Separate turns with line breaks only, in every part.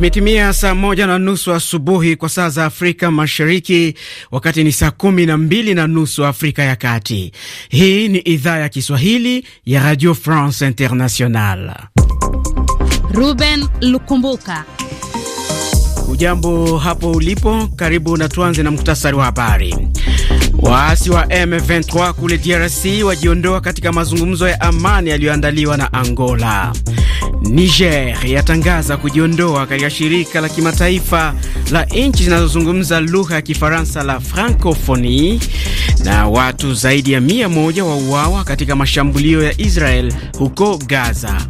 Imetimia saa moja na nusu asubuhi kwa saa za Afrika Mashariki, wakati ni saa kumi na mbili na nusu Afrika ya Kati. Hii ni idhaa ya Kiswahili ya Radio France International. Ruben Lukumbuka, ujambo hapo ulipo, karibu na tuanze na muktasari wa habari. Waasi wa M23 kule DRC wajiondoa katika mazungumzo ya amani yaliyoandaliwa na Angola. Niger yatangaza kujiondoa katika shirika la kimataifa la nchi zinazozungumza lugha ya Kifaransa la Francophonie, na watu zaidi ya mia moja wauawa katika mashambulio ya Israel huko Gaza.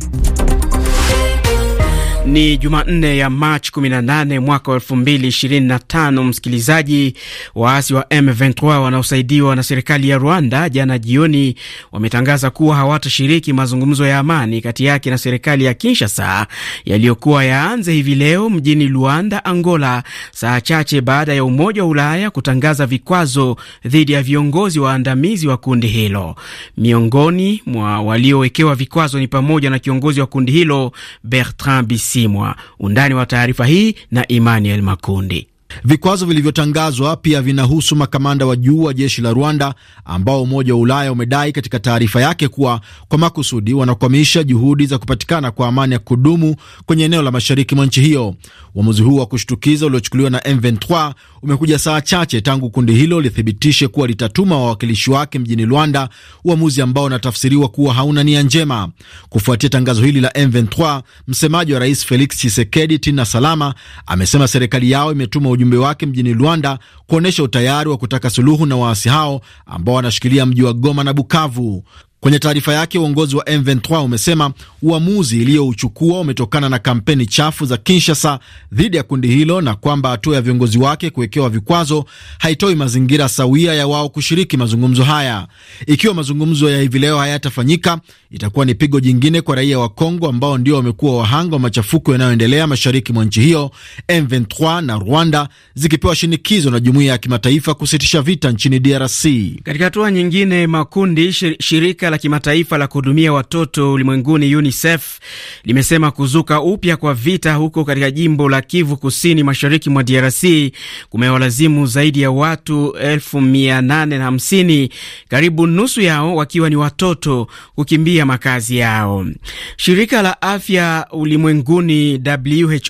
Ni Jumanne ya Machi 18 mwaka wa 2025. Msikilizaji, waasi wa M23 wanaosaidiwa na serikali ya Rwanda jana jioni wametangaza kuwa hawatashiriki mazungumzo ya amani kati yake na serikali ya Kinshasa yaliyokuwa yaanze hivi leo mjini Luanda, Angola, saa chache baada ya Umoja wa Ulaya kutangaza vikwazo dhidi ya viongozi waandamizi wa kundi hilo. Miongoni mwa waliowekewa vikwazo ni pamoja na kiongozi wa kundi hilo Bertrand Bisi. Simwa. Undani wa taarifa hii na Emmanuel Makundi. Vikwazo vilivyotangazwa
pia vinahusu makamanda wa juu wa jeshi la Rwanda ambao Umoja wa Ulaya umedai katika taarifa yake kuwa kwa makusudi wanakwamisha juhudi za kupatikana kwa amani ya kudumu kwenye eneo la mashariki mwa nchi hiyo. Uamuzi huu wa kushtukiza uliochukuliwa na M23 umekuja saa chache tangu kundi hilo lithibitishe kuwa litatuma wawakilishi wake mjini Rwanda, uamuzi ambao unatafsiriwa kuwa hauna nia njema. Kufuatia tangazo hili la M23, msemaji wa Rais Felix Chisekedi, Tina Salama amesema serikali yao imetuma ujumbe wake mjini Luanda kuonyesha utayari wa kutaka suluhu na waasi hao ambao wanashikilia mji wa Goma na Bukavu. Kwenye taarifa yake, uongozi wa M23 umesema uamuzi iliyouchukua umetokana na kampeni chafu za Kinshasa dhidi ya kundi hilo na kwamba hatua ya viongozi wake kuwekewa vikwazo haitoi mazingira sawia ya wao kushiriki mazungumzo haya. Ikiwa mazungumzo ya hivi leo hayatafanyika, itakuwa ni pigo jingine kwa raia wa Kongo ambao ndio wamekuwa wahanga wa machafuko yanayoendelea mashariki mwa nchi hiyo, M23 na Rwanda zikipewa shinikizo na jumuiya ya kimataifa kusitisha vita nchini DRC.
Katika hatua nyingine, makundi shirika la kimataifa la kuhudumia watoto ulimwenguni UNICEF limesema kuzuka upya kwa vita huko katika jimbo la Kivu Kusini mashariki mwa DRC kumewalazimu zaidi ya watu 850 karibu nusu yao wakiwa ni watoto kukimbia makazi yao. Shirika la afya ulimwenguni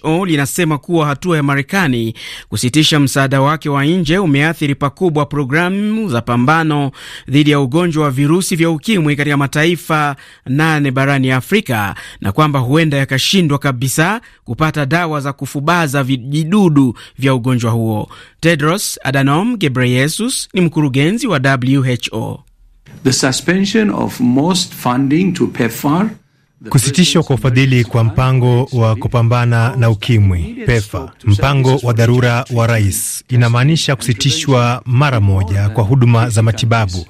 WHO linasema kuwa hatua ya Marekani kusitisha msaada wake wa nje umeathiri pakubwa programu za pambano dhidi ya ugonjwa wa virusi vya ukimwi ukimwi katika mataifa nane barani Afrika na kwamba huenda yakashindwa kabisa kupata dawa za kufubaza vijidudu vya ugonjwa huo. Tedros Adhanom Ghebreyesus ni mkurugenzi wa WHO. The suspension of most funding to PEPFAR
Kusitishwa kwa ufadhili kwa mpango wa kupambana na ukimwi pefa mpango wa dharura wa rais, inamaanisha kusitishwa mara moja kwa huduma za matibabu,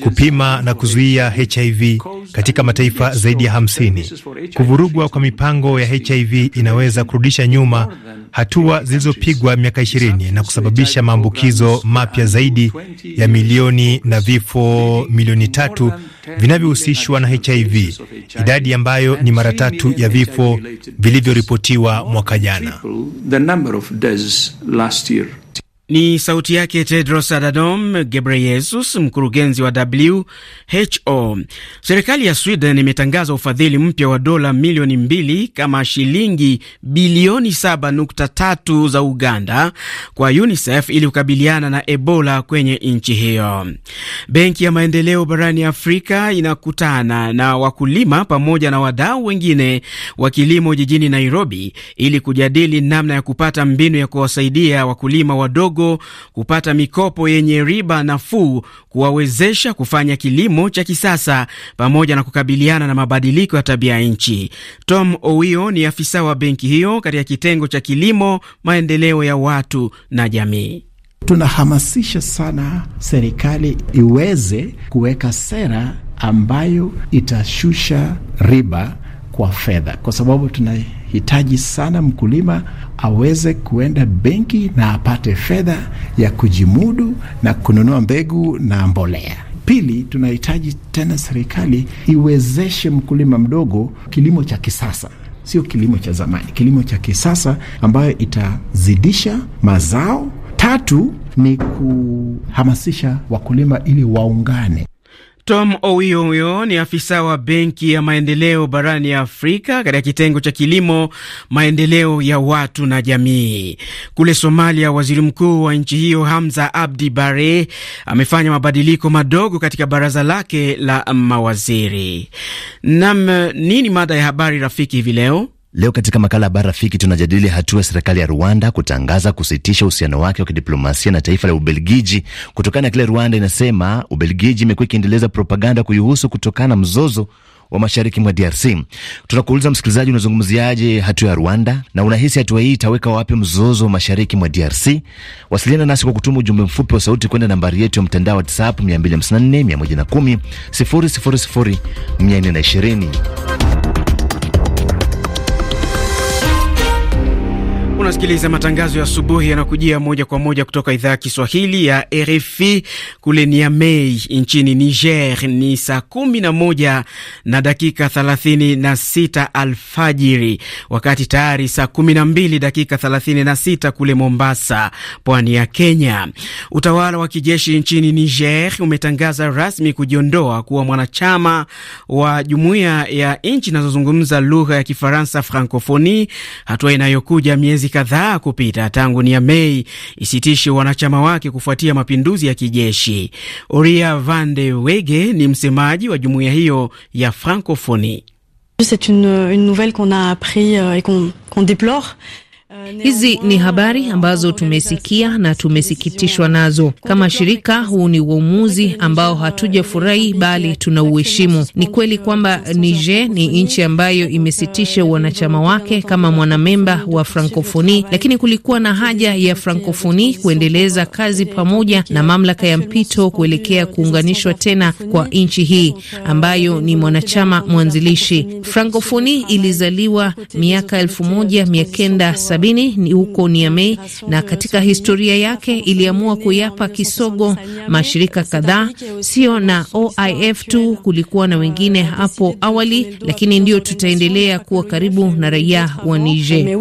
kupima na kuzuia HIV katika mataifa zaidi ya 50. Kuvurugwa kwa mipango ya HIV inaweza kurudisha nyuma hatua zilizopigwa miaka 20 na kusababisha maambukizo mapya zaidi ya milioni na vifo milioni tatu vinavyohusishwa na HIV, idadi ambayo ni mara tatu ya vifo vilivyoripotiwa mwaka jana.
Ni sauti yake Tedros Adhanom Ghebreyesus, mkurugenzi wa WHO. Serikali ya Sweden imetangaza ufadhili mpya wa dola milioni mbili kama shilingi bilioni 7.3 za Uganda kwa UNICEF ili kukabiliana na Ebola kwenye nchi hiyo. Benki ya Maendeleo barani Afrika inakutana na wakulima pamoja na wadau wengine wa kilimo jijini Nairobi ili kujadili namna ya kupata mbinu ya kuwasaidia wakulima wadogo wadogo kupata mikopo yenye riba nafuu kuwawezesha kufanya kilimo cha kisasa pamoja na kukabiliana na mabadiliko ya tabia nchi. Tom Owio ni afisa wa benki hiyo katika kitengo cha kilimo, maendeleo ya watu na jamii.
Tunahamasisha sana serikali iweze kuweka sera ambayo itashusha riba kwa fedha, kwa sababu tuna hitaji sana mkulima aweze kuenda benki na apate fedha ya kujimudu na kununua mbegu na mbolea. Pili, tunahitaji tena serikali iwezeshe mkulima mdogo kilimo cha kisasa, sio kilimo cha zamani, kilimo cha kisasa ambayo itazidisha mazao. Tatu ni kuhamasisha wakulima ili waungane
Tom Owiyo ni afisa wa Benki ya Maendeleo barani ya Afrika katika kitengo cha kilimo, maendeleo ya watu na jamii. Kule Somalia, waziri mkuu wa nchi hiyo Hamza Abdi Bare amefanya mabadiliko madogo katika baraza lake la mawaziri. Nam, nini mada ya habari rafiki hivi leo?
Leo katika makala ya Habari Rafiki tunajadili hatua ya serikali ya Rwanda kutangaza kusitisha uhusiano wake wa kidiplomasia na taifa la Ubelgiji kutokana na kile Rwanda inasema Ubelgiji imekuwa ikiendeleza propaganda kuihusu kutokana na mzozo wa mashariki mwa DRC. Tunakuuliza msikilizaji, unazungumziaje hatua ya Rwanda na unahisi hatua hii itaweka wapi mzozo wa mashariki mwa DRC? Wasiliana nasi kwa kutuma ujumbe mfupi wa sauti kwenda nambari yetu ya mtandao WhatsApp 254 110 000 420.
unasikiliza matangazo ya asubuhi yanakujia moja kwa moja kutoka idhaa ya Kiswahili ya RFI kule Niamey nchini Niger. Ni saa kumi na moja na dakika thelathini na sita alfajiri, wakati tayari saa kumi na mbili dakika thelathini na sita kule Mombasa, pwani ya Kenya. Utawala wa kijeshi nchini Niger umetangaza rasmi kujiondoa kuwa mwanachama wa jumuiya ya nchi zinazozungumza lugha ya Kifaransa, Francofoni, hatua inayokuja miezi kadhaa kupita tangu ni ya Mei isitishe wanachama wake kufuatia mapinduzi ya kijeshi. Uria van de Wege ni msemaji wa jumuiya hiyo ya Francofoni. Hizi ni habari ambazo tumesikia na tumesikitishwa nazo. Kama shirika, huu ni uamuzi ambao hatujafurahi, bali tunauheshimu. Ni kweli kwamba Niger ni nchi ambayo imesitisha wanachama wake kama mwanamemba wa Frankofoni, lakini kulikuwa na haja ya Frankofoni kuendeleza kazi pamoja na mamlaka ya mpito kuelekea kuunganishwa tena kwa nchi hii ambayo ni mwanachama mwanzilishi. Frankofoni ilizaliwa miaka elfu moja mia kenda sabini ni huko Niamey, na katika historia yake iliamua kuyapa kisogo mashirika kadhaa, sio na OIF tu, kulikuwa na wengine hapo awali, lakini ndio tutaendelea kuwa karibu na raia wa Niger.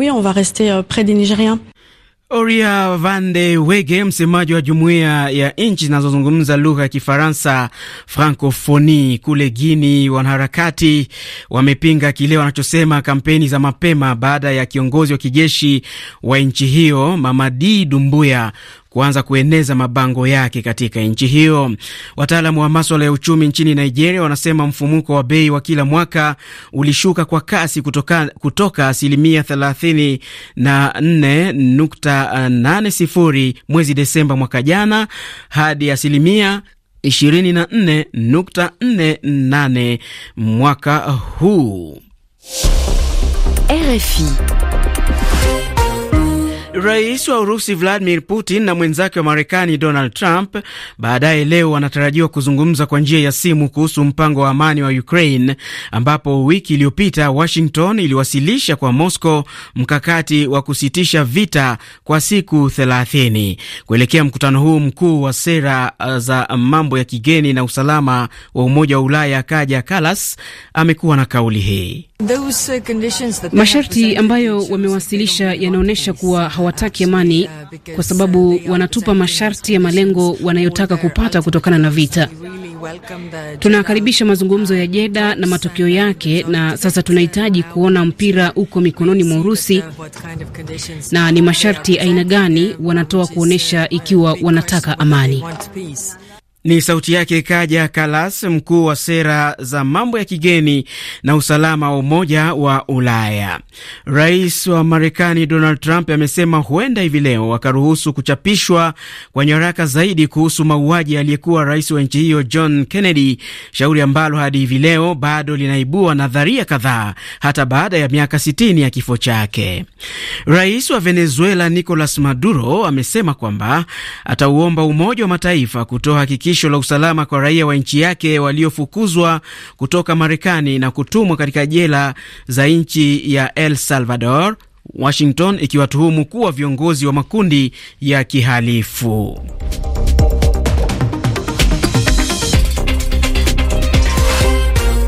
Oria Vande Wege, msemaji wa jumuiya ya nchi zinazozungumza lugha ya Kifaransa Francofoni kule Guini, wanaharakati wamepinga kile wanachosema kampeni za mapema baada ya kiongozi wa kijeshi wa nchi hiyo Mamadi Dumbuya kuanza kueneza mabango yake katika nchi hiyo. Wataalamu wa maswala ya uchumi nchini Nigeria wanasema mfumuko wa bei wa kila mwaka ulishuka kwa kasi kutoka, kutoka asilimia 34.80 mwezi Desemba mwaka jana hadi asilimia 24.48 mwaka huu. RFI Rais wa Urusi Vladimir Putin na mwenzake wa Marekani Donald Trump baadaye leo wanatarajiwa kuzungumza kwa njia ya simu kuhusu mpango wa amani wa Ukraine, ambapo wiki iliyopita Washington iliwasilisha kwa Moscow mkakati wa kusitisha vita kwa siku 30. Kuelekea mkutano huu mkuu wa sera uh, za mambo ya kigeni na usalama wa Umoja wa Ulaya, Kaja kalas amekuwa na kauli hii: masharti ambayo wamewasilisha yanaonyesha kuwa hawataki amani kwa sababu wanatupa masharti ya malengo wanayotaka kupata kutokana na vita. Tunakaribisha mazungumzo ya Jeda na matokeo yake, na sasa tunahitaji kuona mpira uko mikononi mwa Urusi na ni masharti aina gani wanatoa kuonyesha ikiwa wanataka amani. Ni sauti yake Kaja Kalas, mkuu wa sera za mambo ya kigeni na usalama wa Umoja wa Ulaya. Rais wa Marekani Donald Trump amesema huenda hivi leo akaruhusu kuchapishwa kwa nyaraka zaidi kuhusu mauaji aliyekuwa rais wa nchi hiyo John Kennedy, shauri ambalo hadi hivi leo bado linaibua nadharia kadhaa hata baada ya miaka 60 ya kifo chake. Rais wa Venezuela Nicolas Maduro amesema kwamba atauomba Umoja wa Mataifa kutoa hakiki shirikisho la usalama kwa raia wa nchi yake waliofukuzwa kutoka Marekani na kutumwa katika jela za nchi ya El Salvador, Washington ikiwatuhumu kuwa viongozi wa makundi ya kihalifu.